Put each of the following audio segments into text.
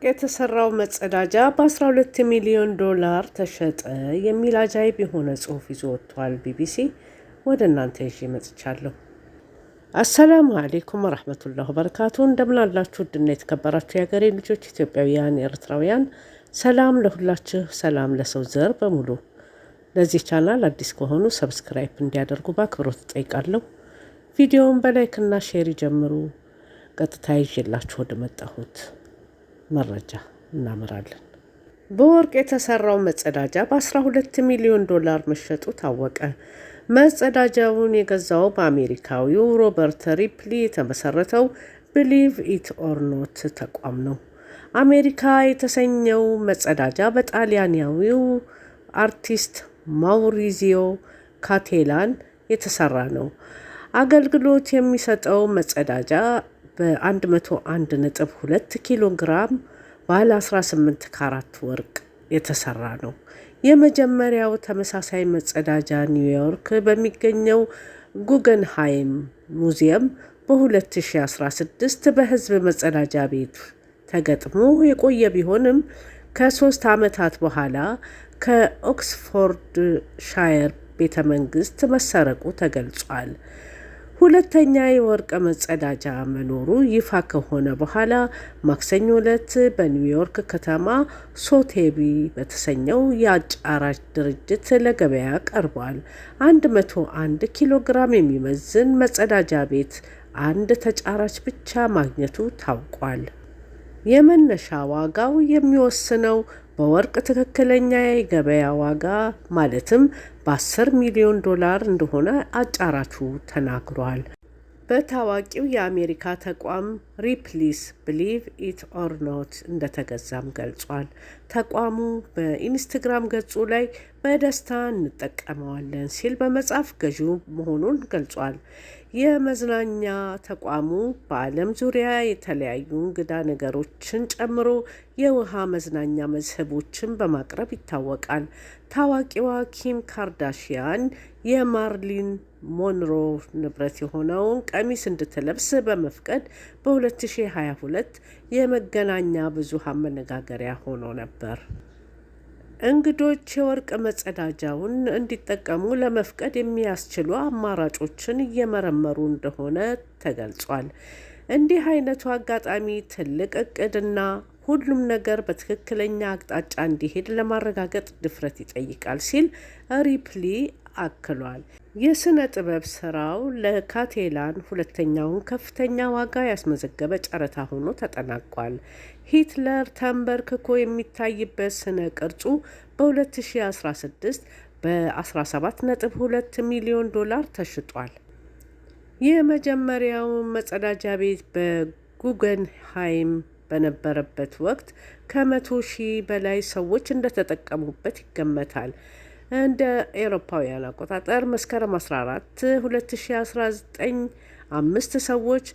ወርቅ የተሰራው መጸዳጃ በ12 ሚሊዮን ዶላር ተሸጠ የሚል አጃይብ የሆነ ጽሑፍ ይዞ ወጥቷል። ቢቢሲ ወደ እናንተ ይዤ መጥቻለሁ። አሰላሙ አሌይኩም ወረሕመቱላሁ በረካቱ። እንደምናላችሁ ውድና የተከበራችሁ የሀገሬ ልጆች ኢትዮጵያውያን፣ ኤርትራውያን፣ ሰላም ለሁላችሁ፣ ሰላም ለሰው ዘር በሙሉ። ለዚህ ቻናል አዲስ ከሆኑ ሰብስክራይብ እንዲያደርጉ በአክብሮት እጠይቃለሁ። ቪዲዮውን በላይክና ሼር ይጀምሩ። ቀጥታ ይዤላችሁ ወደ መጣሁት መረጃ እናመራለን። በወርቅ የተሰራው መጸዳጃ በ12 ሚሊዮን ዶላር መሸጡ ታወቀ። መጸዳጃውን የገዛው በአሜሪካዊው ሮበርት ሪፕሊ የተመሰረተው ብሊቭ ኢት ኦርኖት ተቋም ነው። አሜሪካ የተሰኘው መጸዳጃ በጣሊያናዊው አርቲስት ማውሪዚዮ ካቴላን የተሰራ ነው። አገልግሎት የሚሰጠው መጸዳጃ በ101.2 ኪሎ ግራም ባለ 18 ካራት ወርቅ የተሰራ ነው። የመጀመሪያው ተመሳሳይ መጸዳጃ ኒውዮርክ በሚገኘው ጉገንሃይም ሙዚየም በ2016 በህዝብ መጸዳጃ ቤት ተገጥሞ የቆየ ቢሆንም ከሶስት ዓመታት በኋላ ከኦክስፎርድ ሻየር ቤተ መንግስት መሰረቁ ተገልጿል። ሁለተኛ የወርቅ መጸዳጃ መኖሩ ይፋ ከሆነ በኋላ ማክሰኞ ዕለት በኒውዮርክ ከተማ ሶቴቢ በተሰኘው የአጫራች ድርጅት ለገበያ ቀርቧል። 101 ኪሎ ግራም የሚመዝን መጸዳጃ ቤት አንድ ተጫራች ብቻ ማግኘቱ ታውቋል። የመነሻ ዋጋው የሚወስነው በወርቅ ትክክለኛ የገበያ ዋጋ ማለትም በ10 ሚሊዮን ዶላር እንደሆነ አጫራቹ ተናግሯል። በታዋቂው የአሜሪካ ተቋም ሪፕሊስ ብሊቭ ኢት ኦር ኖት እንደተገዛም ገልጿል። ተቋሙ በኢንስትግራም ገጹ ላይ በደስታ እንጠቀመዋለን ሲል በመጻፍ ገዢው መሆኑን ገልጿል። የመዝናኛ ተቋሙ በዓለም ዙሪያ የተለያዩ እንግዳ ነገሮችን ጨምሮ የውሃ መዝናኛ መስህቦችን በማቅረብ ይታወቃል። ታዋቂዋ ኪም ካርዳሽያን የማርሊን ሞንሮ ንብረት የሆነውን ቀሚስ እንድትለብስ በመፍቀድ በ2022 የመገናኛ ብዙሃን መነጋገሪያ ሆኖ ነበር። እንግዶች የወርቅ መጸዳጃውን እንዲጠቀሙ ለመፍቀድ የሚያስችሉ አማራጮችን እየመረመሩ እንደሆነ ተገልጿል። እንዲህ አይነቱ አጋጣሚ ትልቅ እቅድና ሁሉም ነገር በትክክለኛ አቅጣጫ እንዲሄድ ለማረጋገጥ ድፍረት ይጠይቃል ሲል ሪፕሊ አክሏል። የሥነ ጥበብ ስራው ለካቴላን ሁለተኛውን ከፍተኛ ዋጋ ያስመዘገበ ጨረታ ሆኖ ተጠናቋል። ሂትለር ተንበርክኮ የሚታይበት ስነ ቅርጹ በ2016 በ17.2 ሚሊዮን ዶላር ተሽጧል። የመጀመሪያው መጸዳጃ ቤት በጉገንሃይም በነበረበት ወቅት ከመቶ ሺህ በላይ ሰዎች እንደተጠቀሙበት ይገመታል። እንደ ኤሮፓውያን አቆጣጠር መስከረም 14 2019 አምስት ሰዎች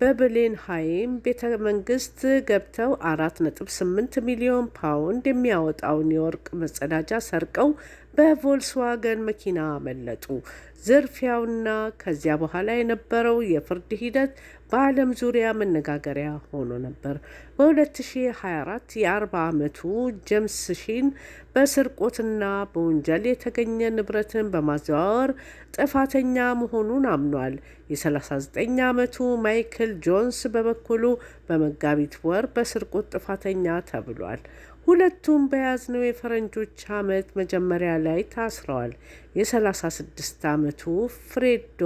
በብሌንሃይም ቤተ መንግስት ገብተው 4.8 ሚሊዮን ፓውንድ የሚያወጣውን የወርቅ መጸዳጃ ሰርቀው በቮልስዋገን መኪና አመለጡ። ዝርፊያውና ከዚያ በኋላ የነበረው የፍርድ ሂደት በዓለም ዙሪያ መነጋገሪያ ሆኖ ነበር። በ2024 የ40 ዓመቱ ጄምስ ሺን በስርቆትና በወንጀል የተገኘ ንብረትን በማዘዋወር ጥፋተኛ መሆኑን አምኗል። የ39 ዓመቱ ማይክል ጆንስ በበኩሉ በመጋቢት ወር በስርቆት ጥፋተኛ ተብሏል። ሁለቱም በያዝነው የፈረንጆች ዓመት መጀመሪያ ላይ ታስረዋል። የ36 ዓመቱ ፍሬዶ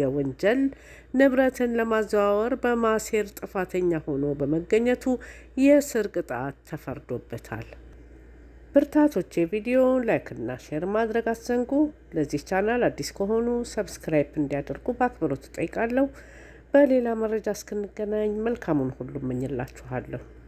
የወንጀል ንብረትን ለማዘዋወር በማሴር ጥፋተኛ ሆኖ በመገኘቱ የእስር ቅጣት ተፈርዶበታል። የቪዲዮ ላይክ ላይክና ሼር ማድረግ አትዘንጉ። ለዚህ ቻናል አዲስ ከሆኑ ሰብስክራይብ እንዲያደርጉ በአክብሮት እጠይቃለሁ። በሌላ መረጃ እስክንገናኝ መልካሙን ሁሉ እመኝላችኋለሁ።